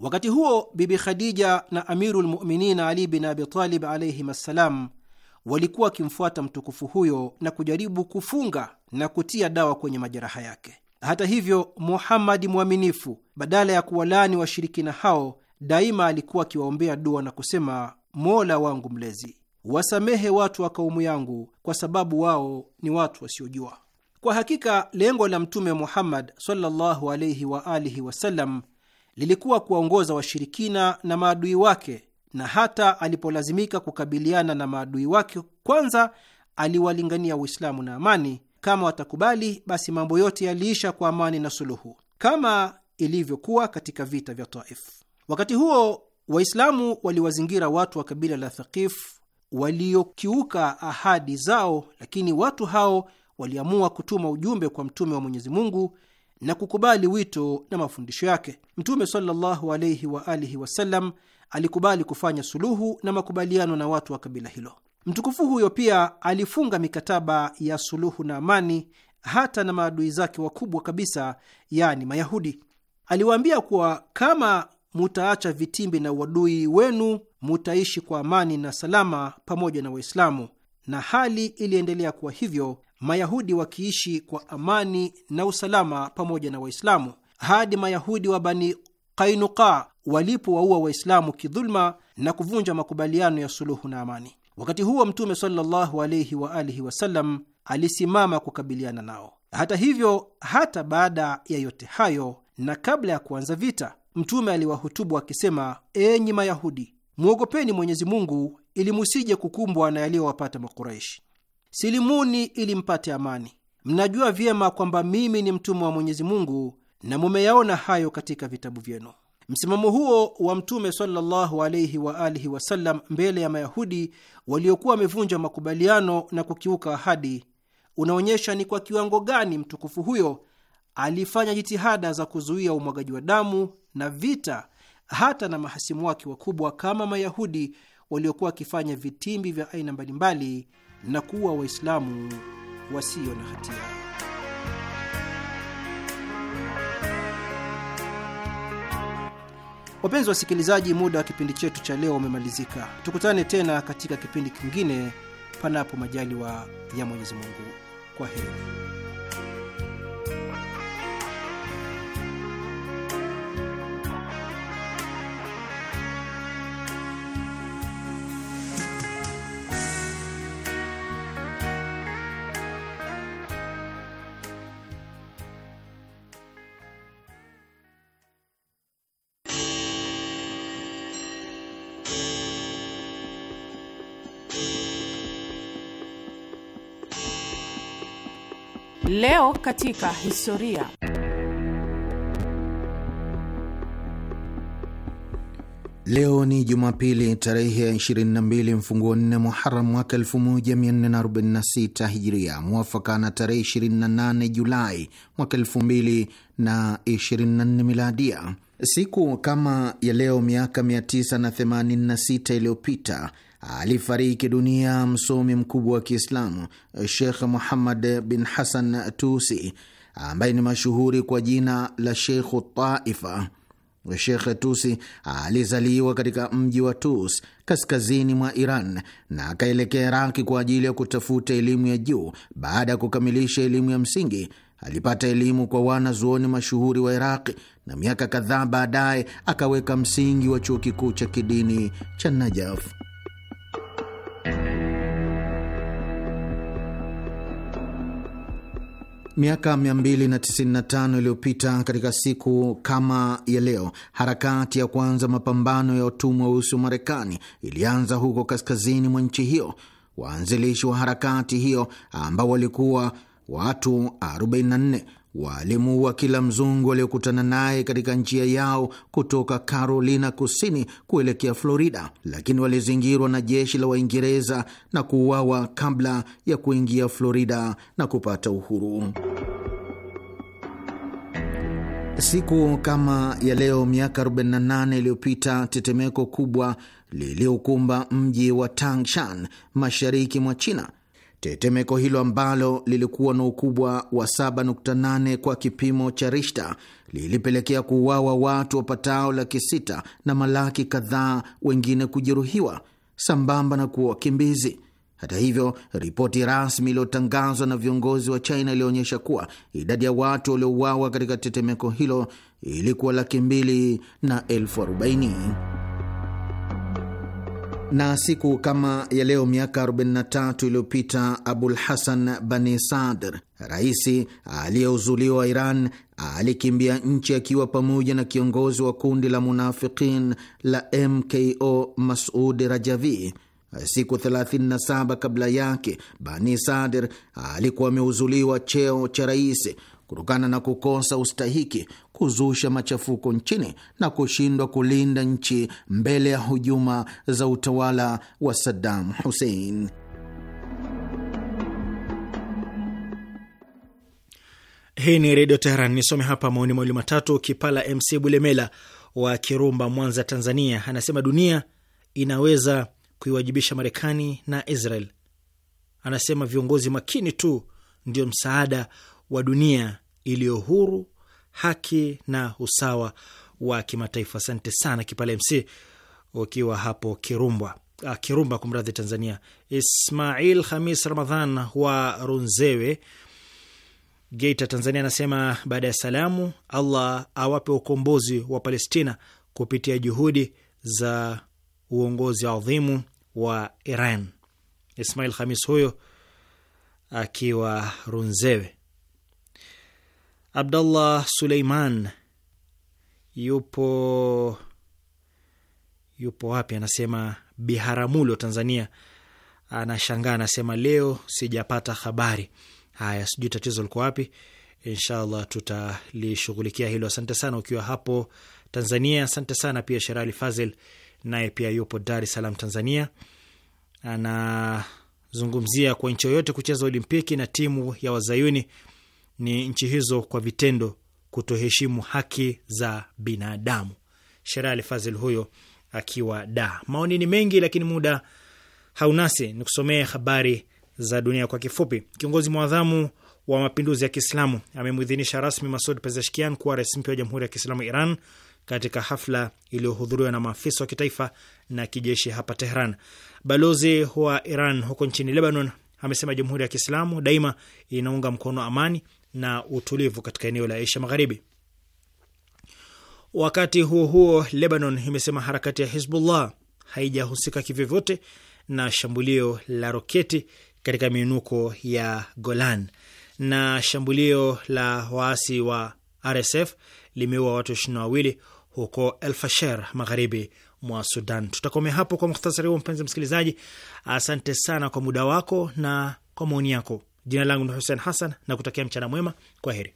Wakati huo Bibi Khadija na Amiru Muminina Ali bin Abitalib alaihim assalam walikuwa wakimfuata mtukufu huyo na kujaribu kufunga na kutia dawa kwenye majeraha yake. Hata hivyo, Muhammadi mwaminifu, badala ya kuwalaani washirikina hao, daima alikuwa akiwaombea dua na kusema, Mola wangu mlezi, wasamehe watu wa kaumu yangu, kwa sababu wao ni watu wasiojua. Kwa hakika lengo la Mtume Muhammad sallallahu wa alihi wasallam lilikuwa kuwaongoza washirikina na maadui wake, na hata alipolazimika kukabiliana na maadui wake, kwanza aliwalingania Uislamu na amani kama watakubali, basi mambo yote yaliisha kwa amani na suluhu, kama ilivyokuwa katika vita vya Taif. Wakati huo Waislamu waliwazingira watu wa kabila la Thaqif waliokiuka ahadi zao, lakini watu hao waliamua kutuma ujumbe kwa Mtume wa Mwenyezi Mungu na kukubali wito na mafundisho yake. Mtume sallallahu alaihi wa alihi wasallam alikubali kufanya suluhu na makubaliano na watu wa kabila hilo. Mtukufu huyo pia alifunga mikataba ya suluhu na amani hata na maadui zake wakubwa kabisa, yaani Mayahudi. Aliwaambia kuwa kama mutaacha vitimbi na uadui wenu, mutaishi kwa amani na salama pamoja na Waislamu, na hali iliendelea kuwa hivyo, Mayahudi wakiishi kwa amani na usalama pamoja na Waislamu hadi Mayahudi wa Bani Kainuka walipowaua Waislamu kidhuluma na kuvunja makubaliano ya suluhu na amani. Wakati huo Mtume sallallahu wa alihi wasallam alisimama kukabiliana nao. Hata hivyo, hata baada ya yote hayo na kabla ya kuanza vita, Mtume aliwahutubu akisema: enyi Mayahudi, mwogopeni Mwenyezi Mungu ili musije kukumbwa na yaliyowapata Makuraishi. Silimuni ili mpate amani. Mnajua vyema kwamba mimi ni mtumwa wa Mwenyezi Mungu na mumeyaona hayo katika vitabu vyenu. Msimamo huo wa Mtume sallallahu alaihi wa alihi wasallam mbele ya Mayahudi waliokuwa wamevunja makubaliano na kukiuka ahadi unaonyesha ni kwa kiwango gani mtukufu huyo alifanya jitihada za kuzuia umwagaji wa damu na vita, hata na mahasimu wake wakubwa kama Mayahudi waliokuwa wakifanya vitimbi vya aina mbalimbali na kuua Waislamu wasio na hatia. Wapenzi wa wasikilizaji, muda wa kipindi chetu cha leo umemalizika. Tukutane tena katika kipindi kingine, panapo majaliwa ya Mwenyezi Mungu. Kwa heri. Leo katika historia. Leo ni Jumapili tarehe ya 22 mfunguo nne Muharam mwaka 1446 Hijiria, mwafaka na tarehe 28 Julai mwaka 2024 Miladia. Siku kama ya leo miaka 986 iliyopita alifariki dunia msomi mkubwa wa Kiislamu Shekh Muhammad bin Hasan Tusi ambaye ni mashuhuri kwa jina la Sheikhu Taifa. Shekh Tusi alizaliwa katika mji wa Tus kaskazini mwa Iran na akaelekea Iraki kwa ajili ya kutafuta elimu ya juu. Baada ya kukamilisha elimu ya msingi, alipata elimu kwa wanazuoni mashuhuri wa Iraqi na miaka kadhaa baadaye akaweka msingi wa chuo kikuu cha kidini cha Najaf. Miaka 295 iliyopita katika siku kama ya leo, harakati ya kwanza mapambano ya watumwa weusi wa Marekani ilianza huko kaskazini mwa nchi hiyo. Waanzilishi wa harakati hiyo ambao walikuwa watu 44 Walimuua kila mzungu waliokutana naye katika njia yao kutoka Carolina Kusini kuelekea Florida, lakini walizingirwa na jeshi la Waingereza na kuuawa kabla ya kuingia Florida na kupata uhuru. Siku kama ya leo miaka 48 iliyopita tetemeko kubwa liliokumba mji wa Tangshan mashariki mwa China Tetemeko hilo ambalo lilikuwa na ukubwa wa 7.8 kwa kipimo cha Rishta lilipelekea kuuawa watu wapatao laki sita na malaki kadhaa wengine kujeruhiwa sambamba na kuwa wakimbizi. Hata hivyo, ripoti rasmi iliyotangazwa na viongozi wa China ilionyesha kuwa idadi ya watu waliouawa katika tetemeko hilo ilikuwa laki mbili na elfu arobaini. Na siku kama ya leo miaka 43 iliyopita Abul Hasan Bani Sadr, raisi aliyeuzuliwa Iran, alikimbia nchi akiwa pamoja na kiongozi wa kundi la munafikin la MKO Masud Rajavi. Siku 37 kabla yake, Bani Sadr alikuwa ameuzuliwa cheo cha rais kutokana na kukosa ustahiki, kuzusha machafuko nchini na kushindwa kulinda nchi mbele ya hujuma za utawala wa Saddam Hussein. Hii ni Redio Teheran. Nisome hapa maoni mawili matatu. Kipala MC Bulemela wa Kirumba, Mwanza, Tanzania, anasema dunia inaweza kuiwajibisha Marekani na Israel. Anasema viongozi makini tu ndio msaada wa dunia iliyo huru, haki na usawa wa kimataifa. Asante sana Kipale MC ukiwa hapo Kirumbwa ah, Kirumba kumradhi, Tanzania. Ismail Hamis Ramadhan wa Runzewe, Geita, Tanzania anasema baada ya salamu, Allah awape ukombozi wa Palestina kupitia juhudi za uongozi adhimu wa Iran. Ismail Hamis huyo akiwa Runzewe. Abdallah Suleiman yupo yupo wapi? Anasema Biharamulo, Tanzania. Anashangaa, anasema leo sijapata habari. Haya, sijui tatizo liko wapi. Inshallah tutalishughulikia hilo. Asante sana ukiwa hapo Tanzania. Asante sana pia Sherali Fazil, naye pia yupo Dar es Salaam, Tanzania. Anazungumzia kwa nchi yoyote kucheza Olimpiki na timu ya Wazayuni ni nchi hizo kwa vitendo kutoheshimu haki za binadamu. Sherali Fazil huyo akiwa da. Maoni ni mengi, lakini muda haunasi. Ni kusomea habari za dunia kwa kifupi. Kiongozi mwadhamu wa mapinduzi ya Kiislamu amemwidhinisha rasmi Masud Pezeshkian kuwa rais mpya wa Jamhuri ya Kiislamu Iran katika hafla iliyohudhuriwa na maafisa wa kitaifa na kijeshi hapa Tehran. Balozi wa Iran huko nchini Lebanon amesema Jamhuri ya Kiislamu daima inaunga mkono amani na utulivu katika eneo la Asia Magharibi. Wakati huo huo, Lebanon imesema harakati ya Hizbullah haijahusika kivyovyote na shambulio la roketi katika miinuko ya Golan na shambulio la waasi wa RSF limeua watu ishirini na wawili huko El Fasher, magharibi mwa Sudan. Tutakomea hapo kwa muhtasari huo, mpenzi msikilizaji. Asante sana kwa muda wako na kwa maoni yako. Jina langu ni Hussein Hassan na kutakia mchana mwema. Kwa heri.